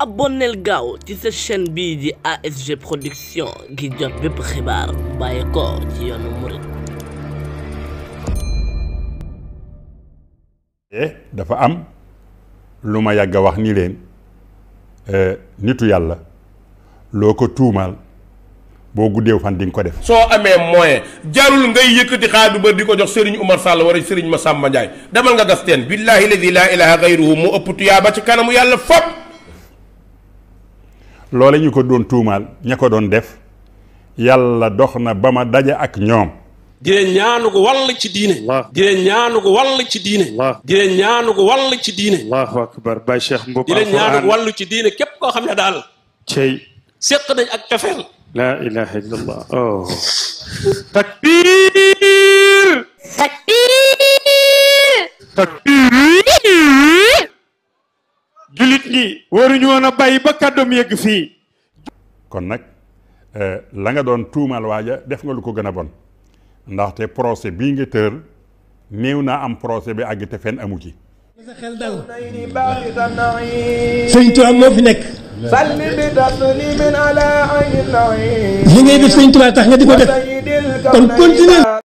abonneel gaaw ci sa chaîne bii di ASG production gi jot bépp xibaar bu bàyyi ko ci yoonu Eh, dafa am luma ma wax ni len euh nitu yalla loko ko bo boo fan ding ko def. so amé moyen jarul ngay yëkkati xadu bër diko jox Serigne oumar Sall wala Serigne Massamba Ndiaye demal nga gasten billahi la ilaha ghayruhu ilaaha gayruhu mu ëpp tuyaaba ci kanamu yalla fop loole ñu ko doon tuumaal ña ko doon def yàlla dox na ba ma daje ak ñoom di leen ñaanu ko wàll ci diine di leen ñaanu ko wàll ci diine di leen ñaanu ko wàll ci diine allahu akbar bay ko ci diine képp koo xam ne daal cey séq nañ ak cofeel la ilaha illallah oh takbir nit ñi waruñu woon a bàyyi ba kàddoom yëgg fii kon nag euh, la nga doon tuumal waaja def nga lu ko gën a bon ndaxte procès bii nga tëral néew naa am procès bi àgg te fenn amu ci sa sëñ Tuubaa moo fi nekk li ngay def sëñ Tuubaa tax nga di ko def kon continuer